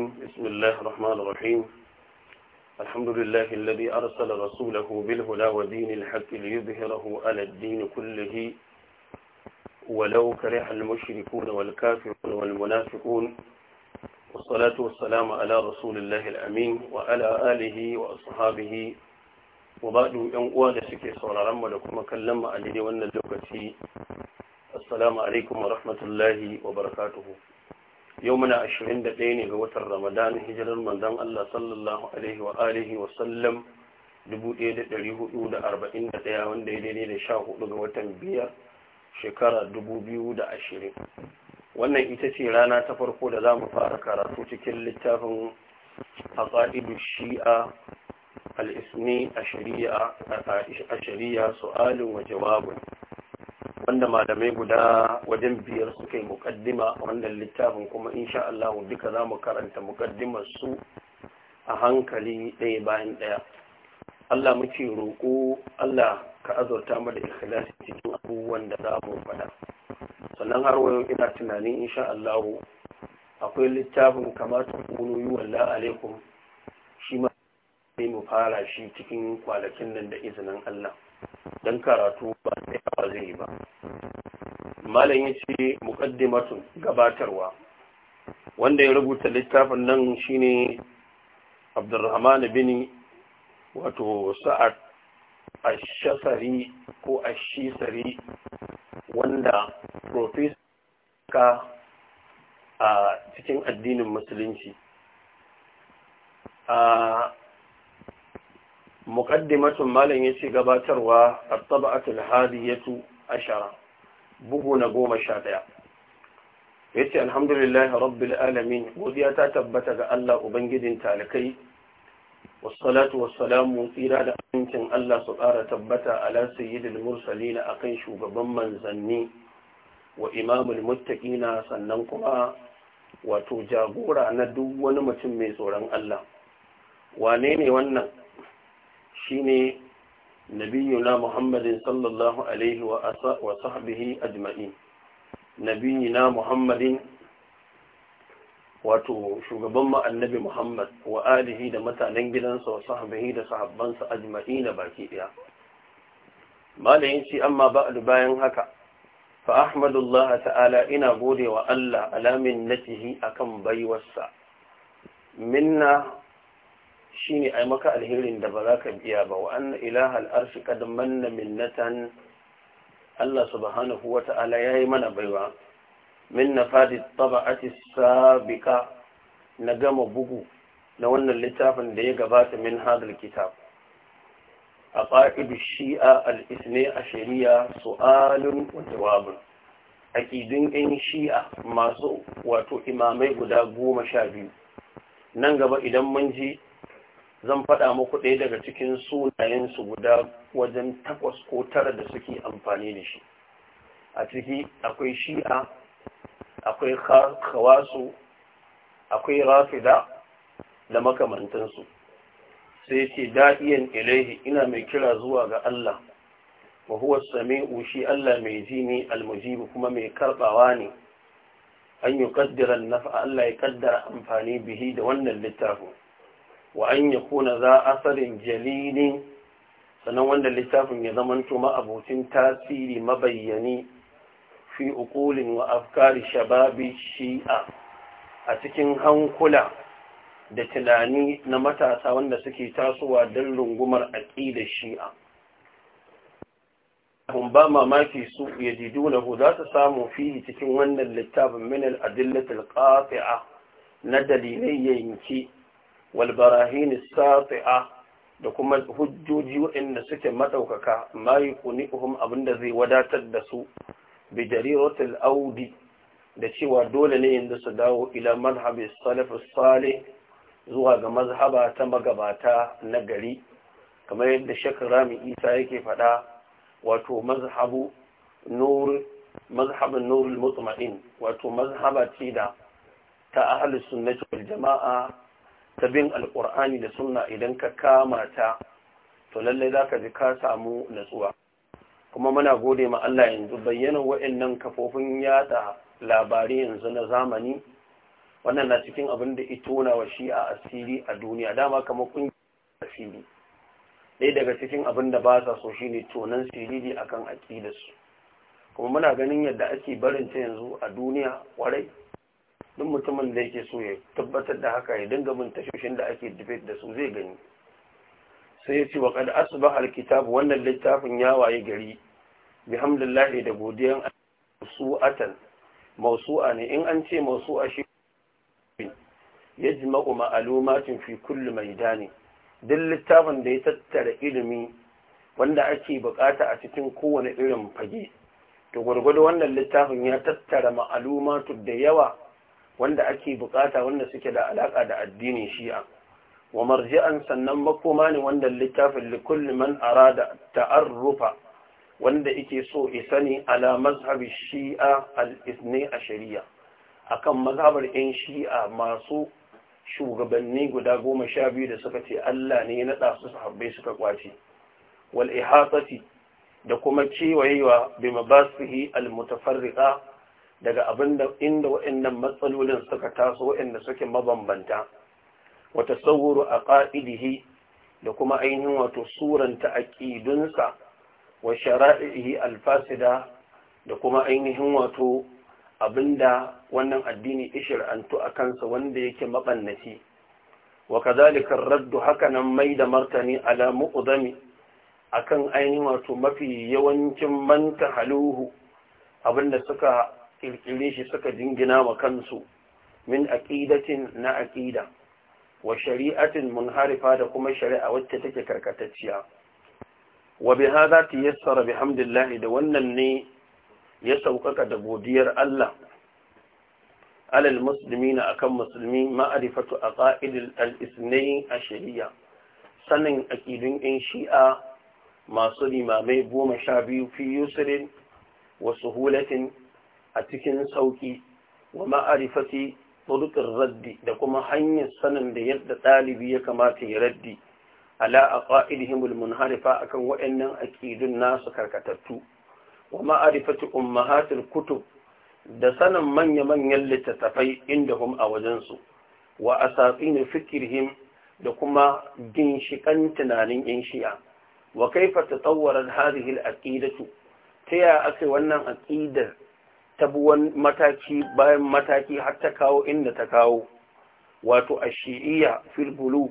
بسم الله الرحمن الرحيم الحمد لله الذي أرسل رسوله بالهدى ودين الحق ليظهره على الدين كله ولو كره المشركون والكافرون والمنافقون والصلاة والسلام على رسول الله الأمين وعلى آله وأصحابه وبعد أن أولى سكي الله عليه وسلم كلم عليه وأن السلام عليكم ورحمة الله وبركاته yau muna ɗaya ne ga watan ramadan hijirar manzon Allah sallallahu alaihi wa alihi wa sallam ɗaya wanda ya daidai da hudu ga watan biyar shekara da ashirin. wannan ita ce rana ta farko da za mu fara karatu cikin littafin haƙa'idu shi'a al'ismi a shari'a su'alin wa jawabin wanda malamai guda wajen biyar suka yi mukaddima a wannan littafin kuma insha Allah duka za mu karanta mukaddimar su a hankali ɗaya bayan ɗaya Allah muke roƙo Allah ka azurta mu da ikhlasi cikin abubuwan da za mu faɗa sannan har wayo ina tunanin insha Allah akwai littafin kamata kunu yi walla alaikum shi ma zai mu fara shi cikin kwanakin nan da izinin Allah don karatu da zai yi ba malam ya ce muqaddimatun gabatarwa wanda ya rubuta littafin nan shine abdurrahman bin wato Sa'ad ashasari ko ashisari wanda professor a cikin addinin musulunci a muqaddimatun malam yace gabatarwa at-tab'atul hadiyatu ashara bugu na goma sha ɗaya ya ce alhamdulillahi rabbil alamin godiya ta tabbata ga Allah Ubangijin talakai wassalatu wassalamu tsira da amincin Allah su ƙara tabbata ala sayyidil mursalina akan shugaban manzanni wa imamul muttaqina sannan kuma wato jagora na duk wani mutum mai tsoron Allah wane ne wannan shine nabiyuna muhammadin sallallahu alaihi wa sahbihi ajma'in nabiyina muhammadin wato shugaban mu annabi muhammad wa alihi da mutanen gidansa wa sahbihi da sahabbansa na baki daya malayin ce amma a bayan haka fa ahmadullahi ta'ala ina gode wa Allah alamin natihi akan baiwarsa minna shine ai maka alherin da ba za ka biya ba wa anna ilahal arshi qad manna minnatan Allah subhanahu wa ta'ala yayi mana baiwa min nafadi taba'ati sabiqa na gama bugu na wannan littafin da ya gabata min hadal kitab a ƙa'idu shi'a al a shari'a su'alun jawabun aqidin ‘yan shi'a masu wato imamai guda goma sha biyu nan gaba idan mun ji zan faɗa muku ɗaya daga cikin sunayensu guda wajen takwas ko tara da suke amfani da shi a ciki akwai shi'a akwai kawasu akwai rafida da makamantansu sai ce da'iyan ilaihi ina mai kira zuwa ga Allah wa huwa sami'u shi Allah mai ji ne almujibu kuma mai karbawa ne an yi kaddara nafa Allah ya kaddara amfani bihi da wannan littafin wa an ya kuna za asarin jalili sannan wanda littafin ya zamanto ma'abocin tasiri mabayyani fi ukulin wa afkari shababi shi'a a cikin hankula da tunani na matasa wanda suke tasowa don rungumar aƙidar shi'a hun ba mamaki su ya ku za su samu fiye cikin wannan littafin minal adillatul qati'a na dalilai yanki والبراهين الساطعة da kuma hujjoji waɗanda suke maɗaukaka ma yi kuni'uhum abinda zai wadatar da su bi jariratul audi da cewa dole ne inda su dawo ila mazhabi salaf salih zuwa ga mazhaba ta magabata na gari kamar yadda Sheikh Rami Isa yake faɗa wato mazhabu nur mazhabun nurul mutma'in wato mazhaba ce da ta ahlus sunnati wal jama'a ta bin alƙur'ani da sunna idan ka kama ta to lallai za ka ji ka samu natsuwa kuma muna gode ma Allah yanzu bayyana wa'annan kafofin yada labari yanzu na zamani wannan na cikin abin da itona wa shi a asiri a duniya dama kamar kun asiri ɗaya daga cikin abin da ba sa so shine tonan siriri akan aƙidarsu kuma muna ganin yadda ake barin ta yanzu a duniya kwarai duk mutumin da yake so ya tabbatar da haka ya dinga mun tashoshin da ake debate da su zai gani sai ya ce wa kad asbah alkitab wannan littafin ya waye gari bihamdillah da godiyan su'atan mawsu'a ne in an ce mawsu'a shi yajma'u ma'lumatin fi kulli maidani duk littafin da ya tattara ilimi wanda ake bukata a cikin kowane irin fage to gwargwado wannan littafin ya tattara ma'alumatu da yawa wanda ake bukata wanda suke da alaka da addinin shi'a wa marji'an sannan makoma ne wanda littafin likulli man arada ta'arrufa wanda yake so isa ne ala mazhabi shi'a al-ithni a shari'a akan mazhabar yan shi'a masu shugabanni guda goma sha biyu da suka ce Allah ne ya naɗa su sahabbai suka kwace wal ihatati da kuma kewayewa bi mabasihi al mutafarriqa daga abin da inda waɗannan matsalolin suka taso waɗanda suke mabambanta tsawuru a aqaidihi da kuma ainihin wato suranta ƙidunsa, wa shara'ihi alfasida da kuma ainihin wato abinda wannan addini ishir'antu a kansa wanda yake mabannaci wa kadhalika raddu hakanan mai da martani ala a akan ainihin wato mafi yawancin manta haluhu abinda suka kirkire shi suka jingina wa kansu min aqidatin na aqida wa shari'atin munharifa da kuma shari'a wacce take karkatacciya wa zata hadha tiyassara bihamdillah da wannan ne ya sauƙaƙa da godiyar Allah alal muslimina akan musulmi ma'arifatu aqaidil al-ithnayn shari'a, sanin aƙidun in shi'a masu limamai goma sha biyu fi yusrin wa suhulatin a cikin sauƙi wa ma'arifati turuƙin raddi da kuma hanyar sanin da yadda ɗalibi ya kamata ya raddi ala a ƙa'idihimul munharifa akan waɗannan aƙidun nasu karkatattu wa ma'arifati ummahatul kutub da sanin manya-manyan littattafai inda hum a wajensu wa asatsin fikirhim da kuma ginshiƙan tunanin ‘yan shi'a wa kaifa ta tsawarar harihil aƙidatu ta ya aka wannan aƙidar ta buwan mataki bayan mataki har ta kawo inda ta kawo wato a shi'iyya filbulu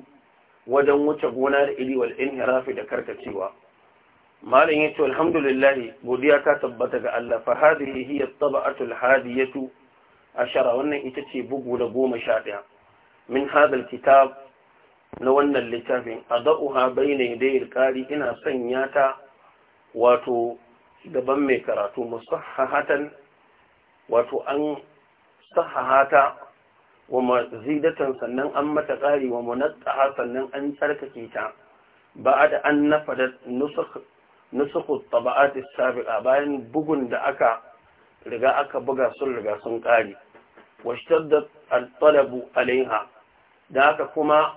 wajen wuce gona da iri wal inhirafi da karkacewa malam alhamdu alhamdulillah godiya ta tabbata ga Allah fa hadhihi hiya at-tab'atu al-hadiyatu ashara wannan ita ce bugu da goma sha ɗaya min hadal kitab na wannan littafin a da'uha bayna yadayil qari ina sanya ta wato gaban mai karatu musahhatan wato an sahahata wa mazidatan sannan an mata ƙari wa munattaha sannan an tsarkake ta ba da an nafada nusukhu taba'at as-sabiqa bayan bugun da aka riga aka buga sun riga sun ƙare washtaddat al-talabu alaiha da haka kuma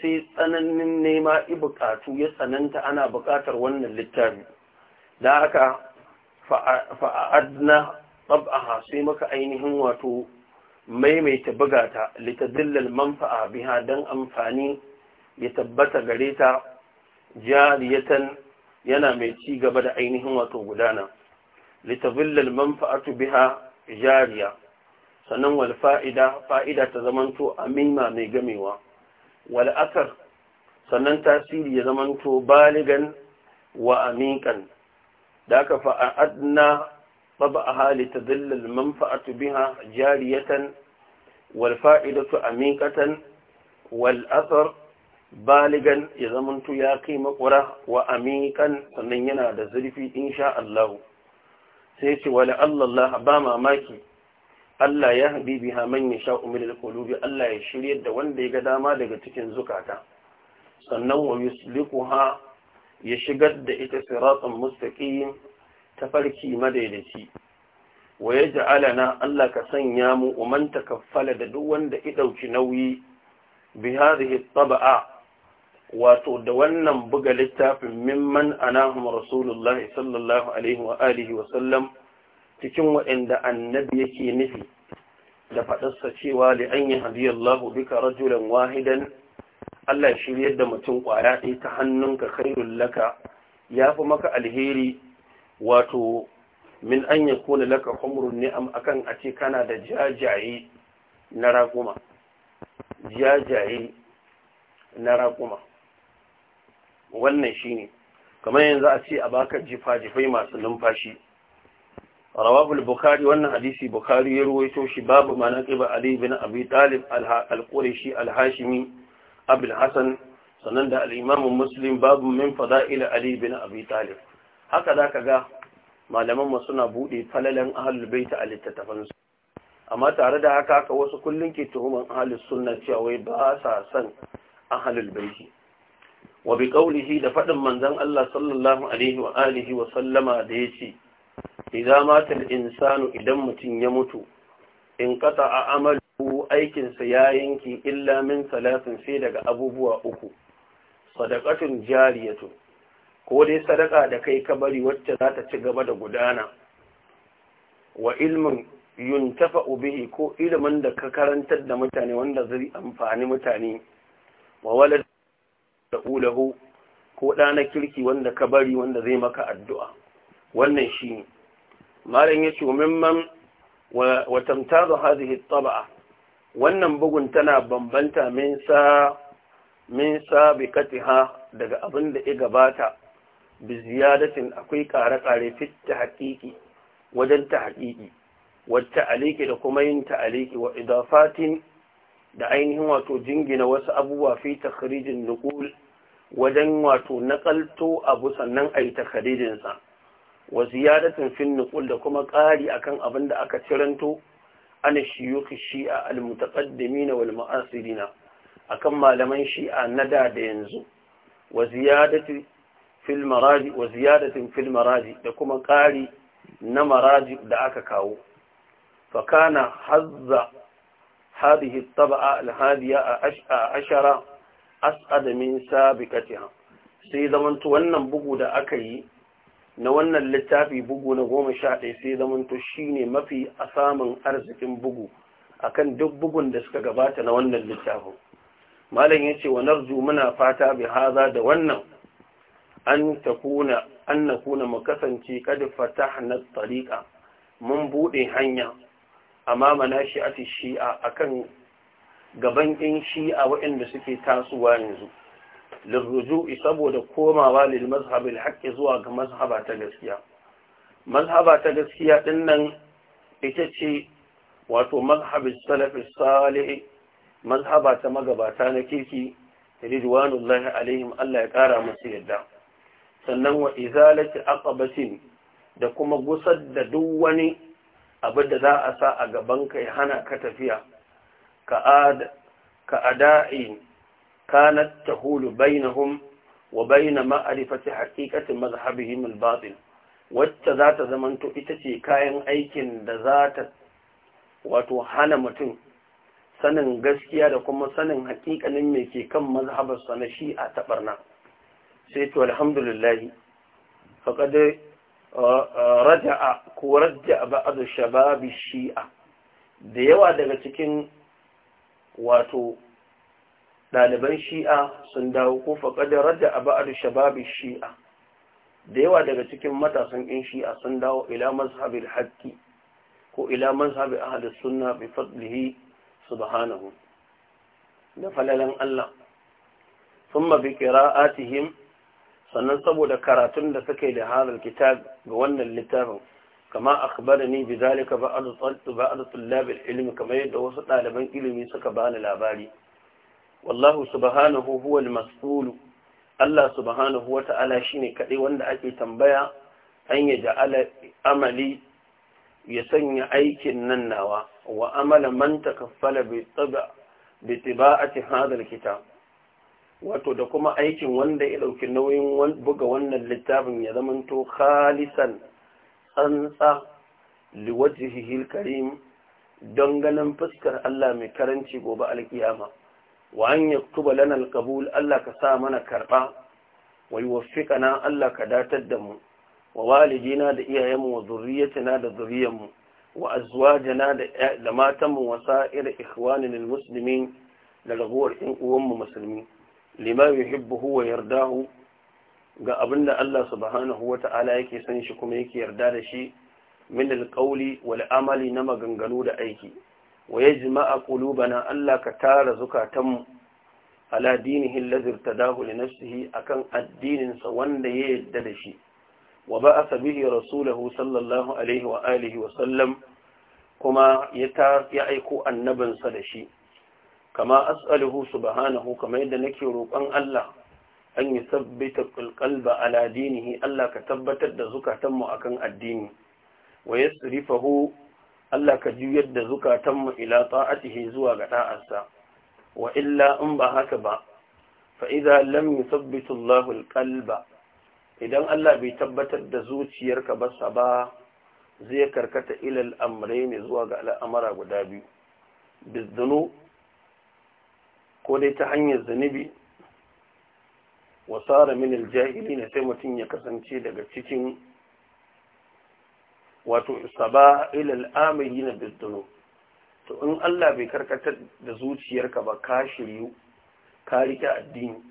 sai tsananin nema ibukatu ya tsananta ana bukatar wannan littafi da haka fa'adna sai سيمك ainihin wato maimaita buga ta litadillal manfa'a biha dan amfani ya tabbata gare ta jariyatan yana mai ci gaba da ainihin wato gudana litadillal manfa'atu biha jariya sannan wal fa'ida fa'ida ta zamanto amima mai gamewa wal asar sannan tasiri ya zamanto baligan wa amikan da aka fa'adna a طبعها لتدل المنفعة بها جارية والفائدة أميكة والأثر baligan ya zamanto ya kai makura wa amikan sannan yana da zurfi insha Allah sai ce wala Allah ba mamaki Allah ya habibi biha man yasha umil qulubi Allah ya shirya da wanda ya ga dama daga cikin zukata sannan wa yusliquha ya shigar da ita siratan mustaqim tafarki madaidaci wa ya ja'alana Allah ka sanya mu umanta takaffala da duk wanda ya dauki nauyi bi hadhihi tabaa wato da wannan buga littafin mimman anahum rasulullahi sallallahu alaihi wa alihi wa sallam cikin waɗanda annabi yake nufi da faɗarsa cewa da an Bika, hadiyallahu rajulan wahidan Allah shiryar da mutum ƙwaya ɗaya ta hannunka khairul laka ya fi maka alheri wato min an ya kone laka humrun ne, akan a ce kana da jajaye na raƙuma jajaye na raƙuma wannan shine kamar yanzu a ce a baka jifa-jifai masu numfashi rawabul bukhari wannan hadisi bukari ya ruwaito shi babu mana ƙiba ali bin abi talib al-qurashi al-hashimi abul hasan sannan da al muslim babu min fada'il ali bin abi talib haka za ka ga malamanmu suna buɗe falalen ahalul baita a littattafansu amma tare da haka haka wasu kullum ke tuhuman ahalus suna cewa wai ba sa son ahalul baiti wa bi ƙaunihi da faɗin manzan Allah sallallahu alaihi wa alihi wa sallama da yace idza matar insanu idan mutum ya mutu in a amalu aikinsa ya yanki illa min salatin sai daga abubuwa uku sadakatun jariyatu ko dai sadaka da kai ka bari wacce za ta ci gaba da gudana wa ilmin yuntafa bihi ko ilimin da ka karantar da mutane wanda zai amfani mutane wa walad da ulahu ko ɗana kirki wanda ka bari wanda zai maka addu'a wannan shi ne malam ya ce mimman wa tamtazu hadhihi at wannan bugun tana bambanta min sa min sabiqatiha daga abin da ya gabata bi akwai ƙare-ƙare fit ta haƙiƙi wajen ta haƙiƙi wacce aliki da kuma yin ta aliki wa idafatin da ainihin wato jingina wasu abubuwa fi takharijin nukul wajen wato naƙalto abu sannan a yi takharijinsa wa ziyadatin fin nukul da kuma ƙari akan abin da aka ciranto ana shiyuki shi'a al-mutaqaddimina wal ma'asirina akan malaman shi'a na da da yanzu wa ziyadati fil maraji wa ziyadatin fil maraji da kuma kari na maraji da aka kawo fa kana hazza hadhihi at-tab'a al-hadiya ashara as'ad min sabiqatiha sai zaman wannan bugu da aka yi na wannan littafi bugu na goma sha 11 sai zaman to shine mafi asamin arzikin bugu akan duk bugun da suka gabata na wannan littafin malam yace wa narju muna fata bi hadha da wannan an takuna an nakuna mu kasance fatah na tariqa mun bude hanya amma manashi ati shi'a kan gaban ɗin shi'a waɗanda suke tasowa yanzu lirruju'i saboda komawa lil haƙƙi zuwa ga mazhaba ta gaskiya mazhaba ta gaskiya din nan ita ce wato mazhabin salafi salih mazhaba ta magabata na kirki ridwanullahi alaihim Allah ya kara musu yadda sannan wa izalati aqabatin da kuma gusar da duk wani abu da za a sa a gaban ka ya hana ka tafiya ka ada'i kanat tahulu bainahum wa baina ma'rifati haqiqati mazhabihim al-batil wacce za ta zamanto ita ce kayan aikin da za ta wato hana mutum sanin gaskiya da kuma sanin hakikanin mai ke kan mazhabarsa na shi'a ta barna. sai to alhamdulillah faqad uh, uh, raja'a ku raja'a ba'd shabab shi'a da yawa daga cikin wato ɗaliban shi'a sun dawo ko faƙad raja'a ba'd shabab shi'a da yawa daga cikin matasan ɗin shi'a sun dawo ila mazhabil haqqi ko ila mazhabi ahli sunna bi fadlihi subhanahu da falalan Allah ثم بقراءاتهم sannan saboda karatun da suka yi da hadal kitab ga wannan littafin kama akhbarani bi zalika ba a tullab al-ilm kamar yadda wasu ɗaliban ilimi suka bani labari wallahu subhanahu huwa al-mas'ul Allah subhanahu wa ta'ala shine kadai wanda ake tambaya an ya ja'ala amali ya sanya aikin nan nawa wa amala man takaffala bi tabi'ati hadal kitab wato da kuma aikin wanda ya ɗauki nauyin buga wannan littafin ya zamanto khalisan tsantsa liwajihihil karim don ganin fuskar Allah mai karanci gobe alkiyama wa an yaktuba lana alqabul Allah ka sa mana karba wa yuwaffiqana Allah ka datar da mu wa walidina da iyayenmu wa zurriyatina da zurriyanmu wa azwajina da matanmu wa sa'ir ikhwanil muslimin da raguwar ɗan uwanmu musulmi lima yuhibbuhu wa yardahu ga abinda Allah subhanahu wata'ala yake san shi kuma yake yarda da shi min alqawli wal amali na maganganu da aiki wa yajma'a qulubana Allah ka tara zukatanmu ala dinihi alladhi irtadahu li nafsihi akan addinin sa wanda ya yarda da shi wa ba'atha bihi rasulahu sallallahu alaihi wa alihi wa sallam kuma ya aiko annabinsa da shi kama as'aluhu subhanahu kamar yadda nake roƙon Allah an yi sabbata qalba ala dinihi Allah ka tabbatar da zukatanmu akan addini wa yasrifahu Allah ka juyar da zukatanmu ila ta'atihi zuwa ga da'arsa wa illa in ba haka ba fa idza lam yuthabbit Allahu idan Allah bai tabbatar da zuciyarka ba sa ba zai karkata ilal amrai ne zuwa ga al'amara guda biyu bizdunu ko dai ta hanyar zunubi wasara min aljahili na sai mutum ya kasance daga cikin wato saba ilal amiri na bizdunu to in Allah bai karkatar da zuciyarka ba ka shiryu ka rike addini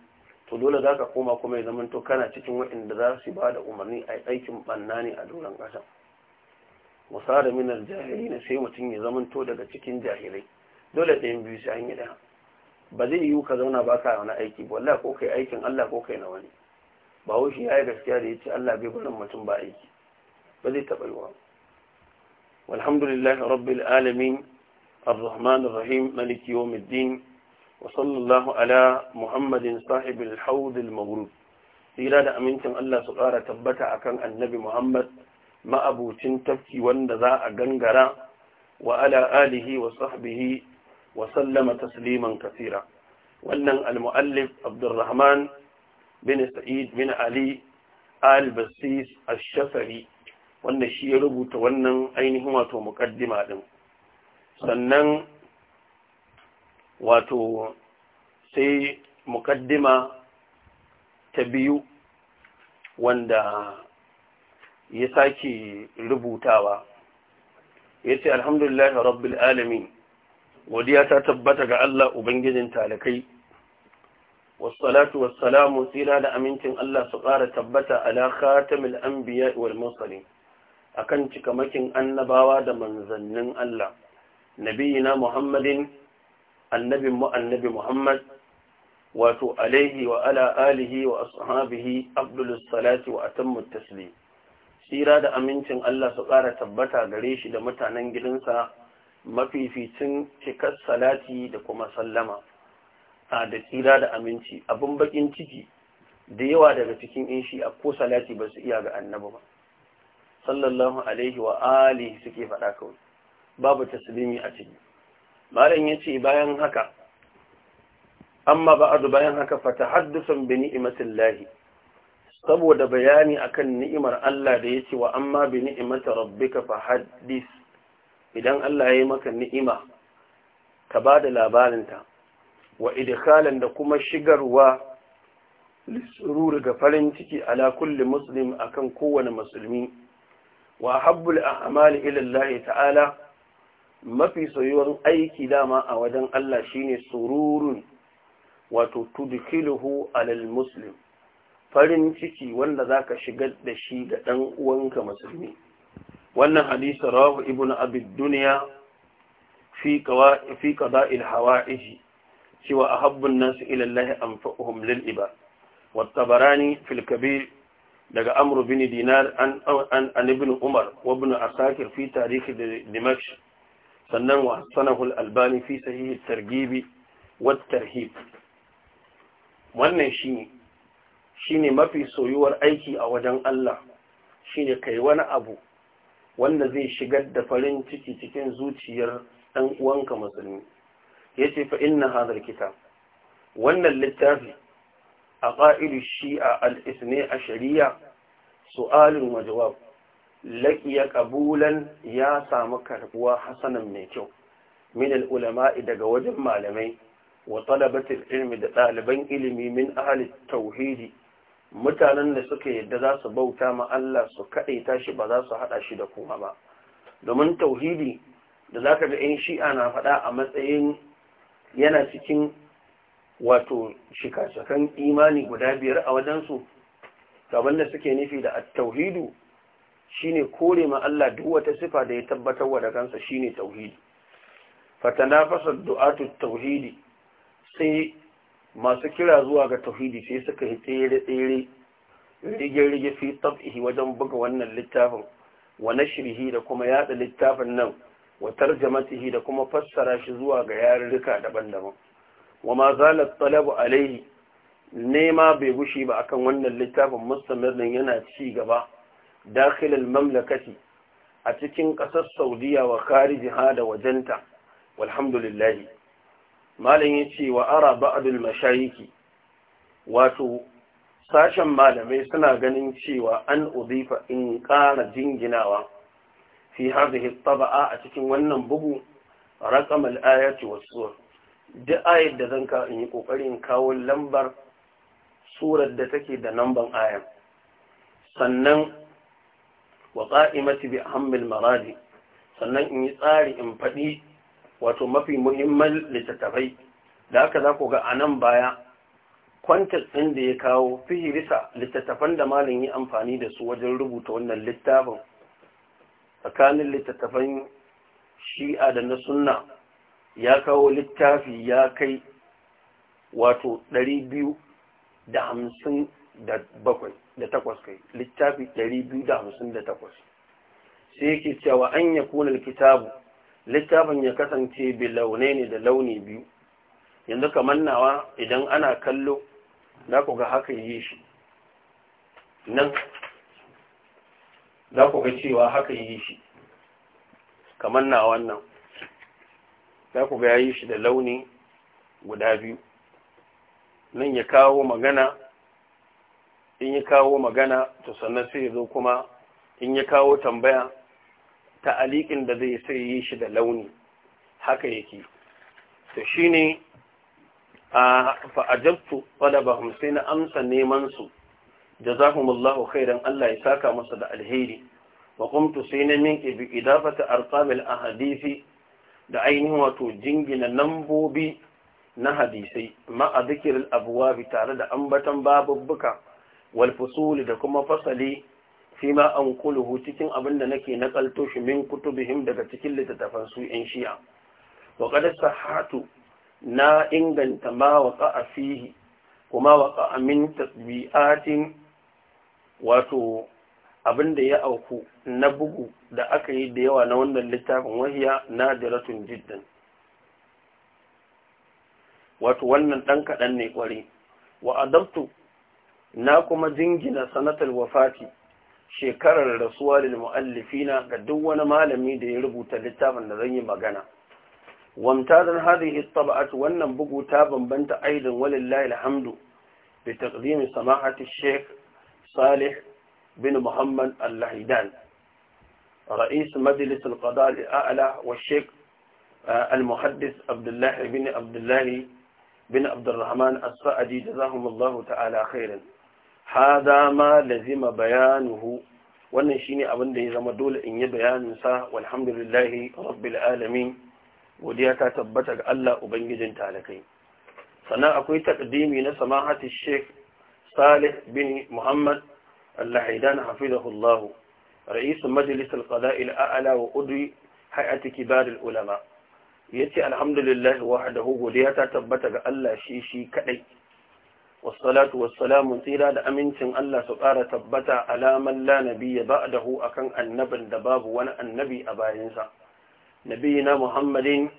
to dole za ka koma kuma ya zamanto kana cikin waɗanda za su ba da umarni a aikin banna ne a doron ƙasa wasara min aljahili na sai mutum ya zamanto daga cikin jahilai dole ɗayan biyu sai an yi ɗaya ba zai yiwu ka zauna ba ka wani aiki ba wallahi ko kai aikin Allah ko kai na wani ba wai shi yayi gaskiya da yace Allah bai barin mutum ba aiki ba zai taba yiwa walhamdulillahi rabbil alamin الرحمن الرحيم ملك يوم الدين وصلى الله على محمد صاحب الحوض المغروب tsira da amincin Allah su ƙara tabbata akan annabi Muhammad ma'abucin tafki wanda za gangara wa ala alihi wa sahbihi وسلم تسليما كثيرا وأن المؤلف عبد الرحمن بن سعيد بن علي آل بسيس الشفري wanda shi ya rubuta wannan ainihin wato mukaddima din sannan wato sai mukaddima ta biyu wanda ya sake rubutawa ya ce alhamdulillah rabbil alamin godiya ta tabbata ga Allah ubangijin talakai wassalatu wassalamu tsira da amincin Allah su ƙara tabbata ala khatamil anbiya wal mursalin akan cikamakin annabawa da manzannin Allah nabiyina Muhammadin annabin mu annabi Muhammad wato alaihi wa ala alihi wa ashabihi abdulus salati wa atammu taslim sira da amincin Allah su ƙara tabbata gare shi da mutanen gidansa mafificin cikar salati da kuma sallama a da tsira da aminci abin bakin ciki da yawa daga cikin in shi a ko salati ba su iya ga annabi ba sallallahu alaihi wa alihi suke faɗa kawai babu taslimi a ciki malam yace bayan haka amma ba'du bayan haka fa tahaddusan bi ni'matillahi saboda bayani akan ni'imar Allah da yace wa amma bi ni'mati rabbika fa haddis idan Allah ya yi maka ni'ima ka ba da labarinta wa idkhalan da kuma shigarwa sururi ga farin ciki ala kulli muslim akan kowane musulmi wa habbul a'mali ila ta'ala mafi soyuwar aiki dama a wajen Allah shine sururun wato tudkhiluhu alal muslim farin ciki wanda zaka shigar da shi ga dan uwanka musulmi wannan hadisi rawahu ibnu abi dunya fi qawa fi qada'il hawa'ij cewa ahabbun nas ila Allah anfa'uhum lil ibad wa tabarani fil kabir daga amru bin dinar an an an ibn umar wa ibn asakir fi tarikh dimashq sannan wa sanahu al albani fi sahih al targhib wa tarhib wannan shine shine mafi soyuwar aiki a wajen Allah shine kai wani abu wanda zai shigar da farin ciki cikin zuciyar ɗan uwanka musulmi ya ce fa inna hazar kitab wannan littafi a ƙa'idu shi'a al'isne a shari'a su'alin majawab jawab laƙiya ƙabulan ya samu karbuwa hasanan mai kyau min al'ulama'i daga wajen malamai wa talabatul ilmi da ɗaliban ilimi min ahalit tauhidi mutanen da suka yadda za su bauta ma Allah su kaɗe tashi ba za su haɗa shi da kuma ba domin tauhidi da za ka ga 'yan shi'a na faɗa a matsayin yana cikin wato shika imani guda biyar a wajensu gaban da suke nufi da tauhidu shine kore ma Allah duk wata sifa da ya tabbatar wa da kansa shine tauhidi fatanafasa du'atu tauhidi sai masu kira zuwa ga tauhidi sai suka yi tsere-tsere rige fi tab'ihi wajen buga wannan littafin wa nashrihi da kuma yada littafin nan wa tarjamatihi da kuma fassara shi zuwa ga yarurruka daban-daban wa ma zalat talabu alaihi nema bai gushi ba akan wannan littafin mustamirin yana ci gaba dakhilal mamlakati a cikin ƙasar saudiya wa kharijiha da wajenta Walhamdulillah. malin ya ce wa ara ba'adul mashayiki wato sashen malamai suna ganin cewa an uzifa in ƙara jinginawa fi hadhihi taba'a a cikin wannan bugu raqam al-ayati was-sur duk ayat da zan ka in yi kokarin kawo lambar surar da take da namban ayar. sannan wa qa'imati bi ahammil maradi sannan in yi tsari in faɗi wato mafi muhimman littattafai da aka za ku ga a nan baya kwantar ɗin da ya kawo fihirisa littattafan da malin yi amfani da su wajen rubuta wannan littafin tsakanin littattafan shi'a da na sunna ya kawo littafi ya kai wato ɗari biyu da hamsin da bakwai da takwas kai littafi ɗari biyu da hamsin da takwas sai yake cewa an ya kuna kitabu littafin ya kasance bi laune ne da launi biyu yanzu kamar nawa idan ana kallo za ku ga haka yi shi nan za ku ga cewa haka yi shi kamar na wannan za ku ga ya yi shi da launi guda biyu nan ya kawo magana in ya kawo magana to sannan sai ya zo kuma in ya kawo tambaya ta'aliƙin da zai sai yi shi da launi haka yake to shine a fa'ajabtu talabahum sai na amsa neman su jazakumullahu khairan Allah ya saka masa da alheri wa qumtu sai na minke bi idafati arqamil ahadisi da ainihin wato jingina lambobi na hadisai ma a zikirin abuwa tare da ambatan babubbuka wal fusuli da kuma fasali fima an kuluhu cikin abin da nake nakalto shi min kutubihim daga cikin littattafan su yan shi'a wa qad sahatu na inganta ma waqa fihi kuma waqa min tasbi'atin wato abin da ya auku na bugu da aka yi da yawa na wannan littafin wahiya na diratun jiddan wato wannan dan kaɗan ne kwari. wa adabtu na kuma jingina sanatar wafati shekarar rasuwar lil mu'allifina ga duk wani malami da ya rubuta littafin da zan yi magana wamtazan hadhihi at-tab'at wannan bugu ta bambanta aidan walillahi alhamdu bi taqdim samahati sheikh salih bin muhammad al-lahidan رئيس مجلس القضاء الأعلى والشيخ المحدث عبد الله بن عبد الله بن عبد الرحمن السعدي جزاهم الله تعالى خيرا hada ma lazima bayanuhu wannan shine abin da ya zama dole in yi bayanin sa walhamdulillahi rabbil alamin godiya ta tabbata ga Allah ubangijin talakai sannan akwai takdimi na samahati Sheikh Salih bin Muhammad Al-Haidan hafizahullah رئيس مجلس القضاء الأعلى وأدري هيئة كبار العلماء yace alhamdulillah wahdahu godiya ta tabbatar ga Allah shi shi kadai wasalatu wasalamu tsira da amincin Allah su ƙara tabbata alaman Lanabi ya ba da hu kan annabin da babu wani annabi a bayansa nabiyina muhammadin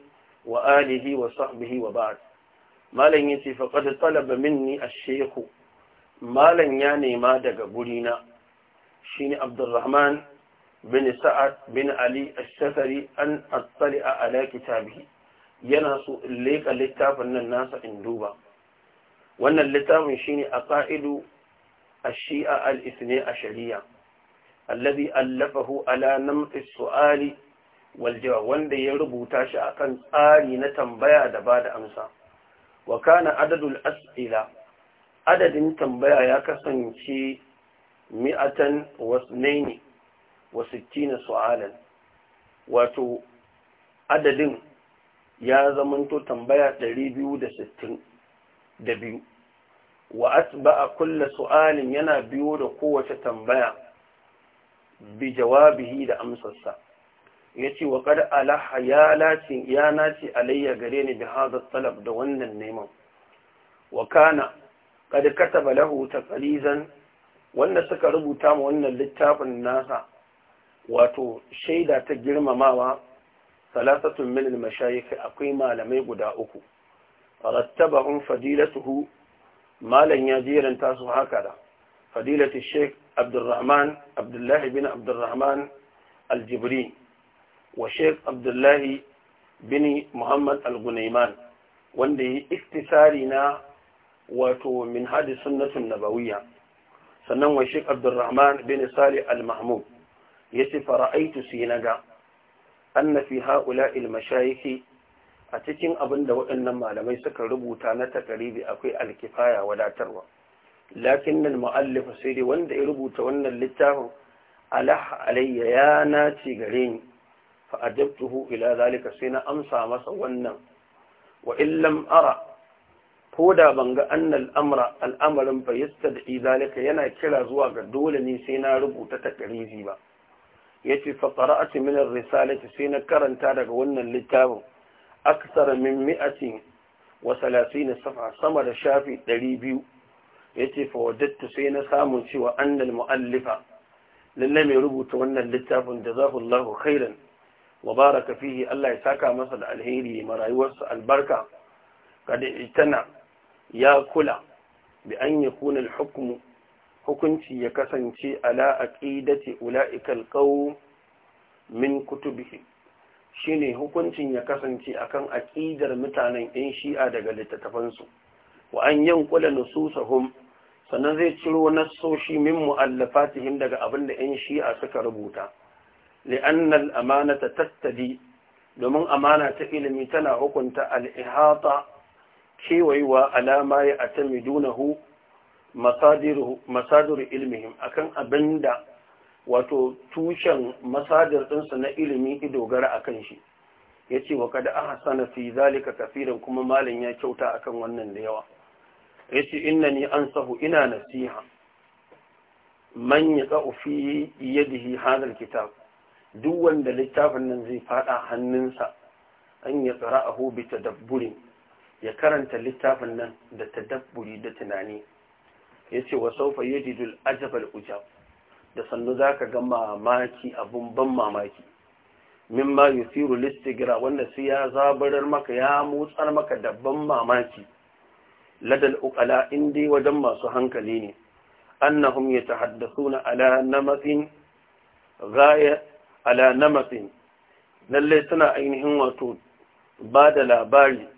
wa alihi wa sahbihi wa ba'ad. malam yace faqad talaba minni a shaykh malam ya nema daga gurina shine Abdulrahman bin sa'ad bin ali a shafari an attali ala kitabihi yana so in leƙa littafin nan nasa in duba wannan littafin shine aqaidu ash-shi'a al-ithni a sharia alladhi allafahu ala namti su'ali wal jawab wanda ya rubuta shi a kan tsari na tambaya da ba da amsa Wakana kana adadul as'ila adadin tambaya ya kasance 162 su'alan wato adadin ya zamanto tambaya ɗari biyu da sittin. da biyu wa a kulle su'alin yana biyo da kowace tambaya bi jawabihi da amsarsa yace wa qad alaha ya ya nace alayya gare ni bi hadha talab da wannan neman wa kana qad kataba lahu taqalizan wanda suka rubuta mu wannan littafin nasa wato shaida ta girmamawa salatatun min al-mashayikh akwai malamai guda uku rattabahum fadilatuhu malan ya jeranta su haka da fadilatu sheikh abdurrahman abdullahi bin abdurrahman aljibri wa sheikh abdullahi bin muhammad algunaiman wanda yi iktisari na wato min hadi sunnatun nabawiyya sannan wa sheikh abdurrahman bin salih al-mahmud yace fara'aitu sinaga anna fi ha'ula'i al a cikin abin da waɗannan malamai suka rubuta na takaribi akwai alkifaya wadatarwa lakin nan mu'allifa sai dai wanda ya rubuta wannan littafin alah alayya ya nace gare ni fa ajabtuhu ila zalika sai na amsa masa wannan wa illam ara ko da ban ga annal amra al'amarin fa yastad'i zalika yana kira zuwa ga dole ne sai na rubuta takaribi ba yace fa qara'atu min ar-risalati sai na karanta daga wannan littafin aksara min mi'atin wa salatina safa sama da shafi 200 yace fa wajadtu sai na samu cewa annal mu'allifa lalle mai rubuta wannan littafin jazakallahu khairan wa baraka fihi Allah ya saka masa da alheri ma rayuwarsa albarka kada itana ya kula bi an yakuna hukunci ya kasance ala aqidati ula'ikal qaw min kutubihi shine hukuncin ya kasance akan aƙidar mutanen ɗin shi'a daga littattafansu wa an yankula nususahum sannan zai ciro nasoshi min mu'allafatihim daga abin da ɗin shi'a suka rubuta al amanata tattadi domin amana ta ilimi tana hukunta al'ihata kewayewa alama ya atamidunahu masadiru ilmihim akan abin wato tushen masajar ɗinsa na ilimi idogara a kan shi ya ce wa kada an hasana fi zalika kafirin kuma malin ya kyauta akan wannan da yawa ya ce ina ni an sahu ina nasiha man ya ƙa'u fi yadihi hanar kitab duk wanda littafin nan zai fada hannunsa an ya tsara a hobi ta ya karanta littafin nan da tadabburi da tunani ya ce wa saufa yajidul ajabal ujab da sannu za ka ga mamaki abun ban mamaki mimma yusiru listigira wanda sai ya zabarar maka ya mutsar maka da ban mamaki ladal in dai wajen masu hankali ne annahum yatahaddathuna ala namathin ghaya ala namathin lallai suna ainihin wato ba da labari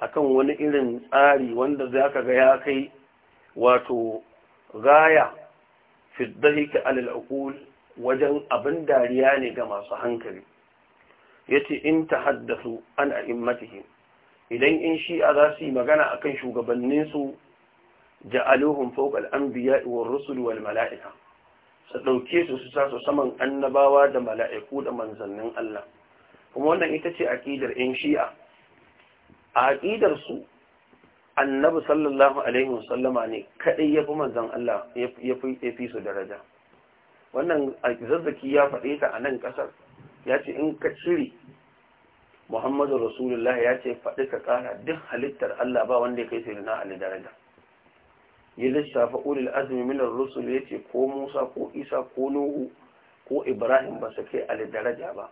akan wani irin tsari wanda za ka ga ya kai wato gaya fi dhahika alal uqul wajen abin dariya ne ga masu hankali yace in tahaddathu an a'immatihim idan in shi'a za su yi magana akan shugabannin su ja'aluhum fawqa al-anbiya'i war-rusul wal-mala'ika su dauke su su sa su saman annabawa da mala'iku da manzannin Allah kuma wannan ita ce aqidar in shi'a a aqidar su annabi sallallahu alaihi wasallama ne kadai yafi manzon Allah yafi yafi su daraja wannan zazzaki ya faɗe ta a nan ƙasar ya ce in ka cire muhammadu rasulullah ya ce faɗi ka ƙara duk halittar Allah ba wanda ya kai sai na Ali daraja ya lissafa ulil azumi minar rusul ya ce ko musa ko isa ko nuhu ko ibrahim ba su kai Ali daraja ba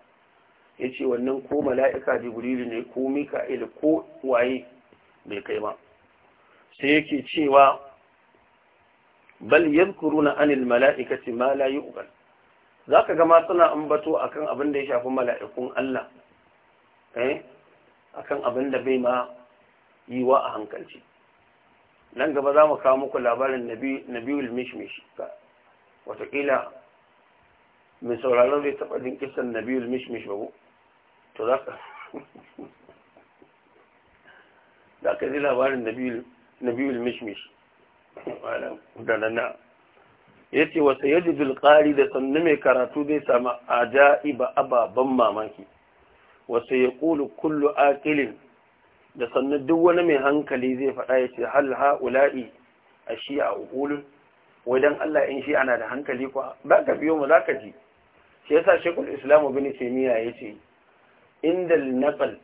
ya ce wannan ko mala'ika jibrilu ne ko mika'il ko waye bai kai ba sai yake cewa bal yadhkuruna anil mala'ikati ma la yu'bal za ga ma suna ambato kan abin da ya shafi mala'ikun Allah eh kan abin da bai ma yiwa a hankalci nan gaba za mu kawo muku labarin nabiul mishmish watakila mai sauraron zai taɓa jin kisan nabiul mishmish babu to za ka za ka ji labarin nabiul nabiul mishmish da nana ya ce wasu yaji da sannu mai karatu zai sami aja'iba ababan mamaki wasu ya kulu kullu aqilin da sannu duk wani mai hankali zai faɗa ya ce hal ha'ula'i a shi a Allah in shi ana da hankali kuwa za ka biyo mu za ji shi yasa shekul islam ibn taimiyya ya ce inda naqal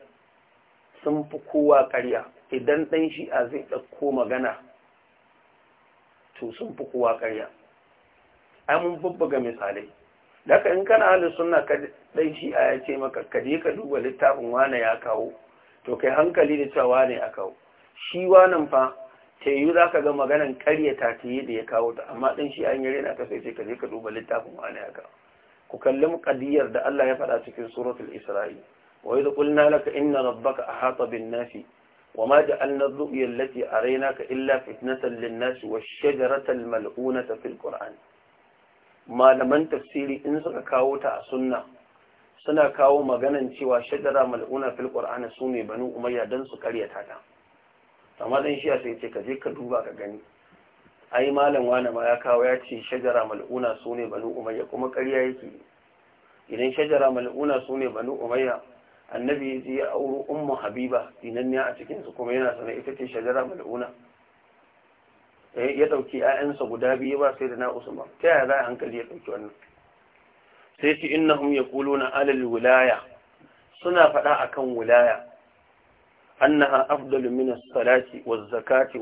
sun fi kowa karya idan ɗan a zai ɗauko magana to sun fi kowa ƙarya ai mun bubbuga misalai ka in kana halin suna ɗan shi'a ya ce maka ka je ka duba littafin wane ya kawo to kai hankali da cewa wane ya kawo shi wanan fa ta yi za ka ga maganan karyata ta yi da ya kawo ta amma ɗan shi an yare na ka sai ce ka je ka duba littafin wani ya kawo ku kalli muƙadiyar da Allah ya faɗa cikin suratul Isra'i wa idh qulna laka inna rabbaka ahata bin nasi وما جعلنا الرؤيا التي أريناك إلا فتنة للناس والشجرة الملعونة في القرآن ما لمن تفسيري إن سكاو تأسنة سنا كاو مغانا سوى شجرة ملعونة في القرآن سوني بنو أمية دن سكرية تاتا فما دن شيئا سيتك ذيك دوبا كغني أي ما لم وانا ما يكاو يأتي شجرة ملعونة سوني بنو أمية كما كريا يكي إذن شجرة ملعونة سوني بنو أمية annabi ya je ya auro ummu habiba dinanniya a cikinsu kuma yana sana ita ce shajara mal'una eh, ya ɗauki 'ya'yansa guda biyu ba sai da na usman ta yaya za a hankali ya ɗauki wannan sai ce innahum yaquluna alal wilaya suna faɗa akan wilaya annaha afdalu min as-salati waz-zakati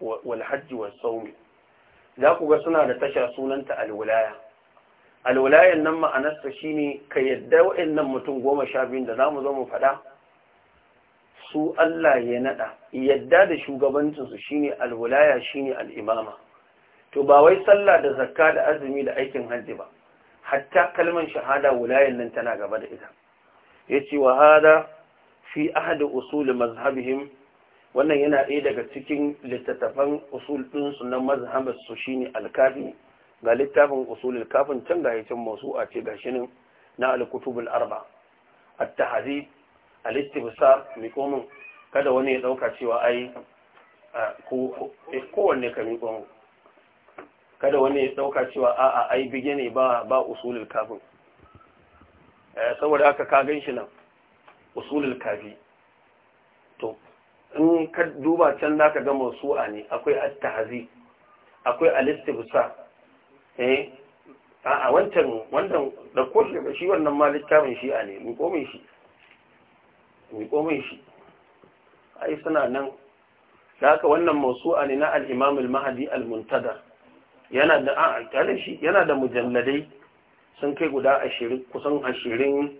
wal-hajj was-sawm za ku ga suna da tasha sunanta al-wilaya alwalayan nan ma'anarsa ne ka yadda nan mutum goma sha biyun da za mu zo mu faɗa su Allah ya naɗa yadda da shugabancinsu shine alwalaya shine al'imama to ba wai sallah da zakka da azumi da aikin hajji ba hatta kalman shahada wulayan nan tana gaba da ita yace wa hada fi ahadin usul mazhabihim wannan yana ɗaya daga cikin littattafan usul ɗinsu na mazhabar su shine alkafi ga littafin usulul kafin can ga yacin a ce gashinin na al-kutubul arba at tahdhib al-istibsar mi komin kada wani ya dauka cewa ai eh, kowanne ka mi komin kada wani ya dauka cewa a'a ai bige ne ba ba usulul kafin eh, saboda haka ka ganshi nan usulul kafi to in ka duba can zaka ga a ne akwai at tahdhib akwai al-istibsar eh a wancan wannan da kullum da shi wannan ma littafin shi a ne miko min shi miko komai shi ai suna nan da haka wannan mawsu'a ne na al-Imam al-Mahdi al-Muntada yana da a kallon shi yana da mujalladai sun kai guda 20 kusan 20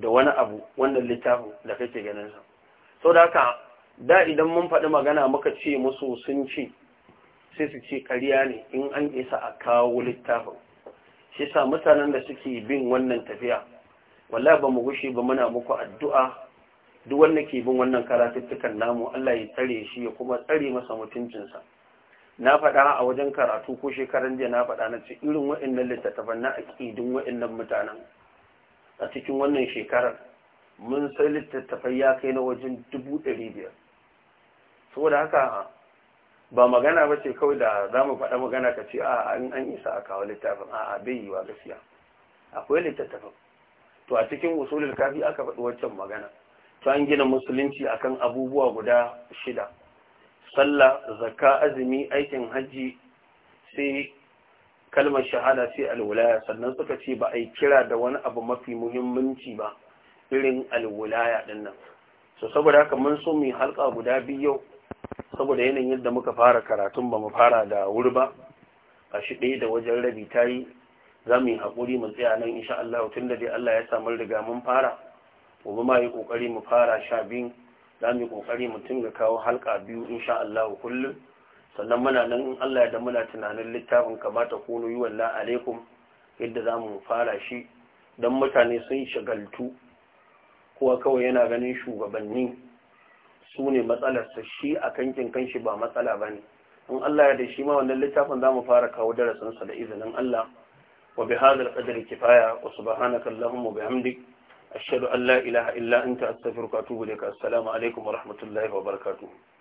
da wani abu wannan littafin da kake ganin sa saboda haka da idan mun faɗi magana muka ce musu sun ce sai su ce ƙarya ne in an isa a kawo littafin shi sa mutanen da suke bin wannan tafiya walla ba mu gushe ba muna muku addu'a duk wanda ke bin wannan karatuttukan namu Allah ya tsare shi ya kuma tsare masa mutuncinsa na faɗa a wajen karatu ko shekaran jiya na faɗa na ce irin wa'annan littattafan na aƙidin wa'annan mutanen a cikin wannan shekarar mun sai littattafai ya kai na wajen dubu ɗari biyar saboda haka ba magana ba ce kawai da za mu faɗa magana ka ce a an isa a kawo littafin a bai yi wa akwai littattafin to a cikin usulul kafi aka faɗi waccan magana to an gina musulunci akan abubuwa guda shida sallah zakka azumi aikin hajji sai kalmar shahada sai alwulaya sannan suka ce ba a yi kira da wani abu mafi muhimmanci ba irin alwulaya ɗin nan so saboda haka mun so mu halka guda biyu saboda yanayin yadda muka fara karatun ba mu fara da wuri ba a shi ɗaya da wajen rabi ta yi za mu yi haƙuri mu tsaya nan insha Allah tun da dai Allah ya samu riga mun fara gobe ma yi ƙoƙari mu fara sha biyu za mu yi ƙoƙari mu tun ga kawo halka biyu insha Allah kullum sannan muna nan in Allah ya da muna tunanin littafin kamata kunu yi walla alaikum yadda za mu fara shi don mutane sun shagaltu kowa kawai yana ganin shugabanni su ne matsalarsa shi a kankin kanshi ba matsala ba ne in Allah ya da shi ma wannan littafin za mu fara kawo darasinsa da izinin Allah wa bi hadal qadri kifaya wa subhanaka allahumma bihamdik ashhadu an la ilaha illa anta astaghfiruka wa atubu ilaik assalamu alaikum wa rahmatullahi wa barakatuh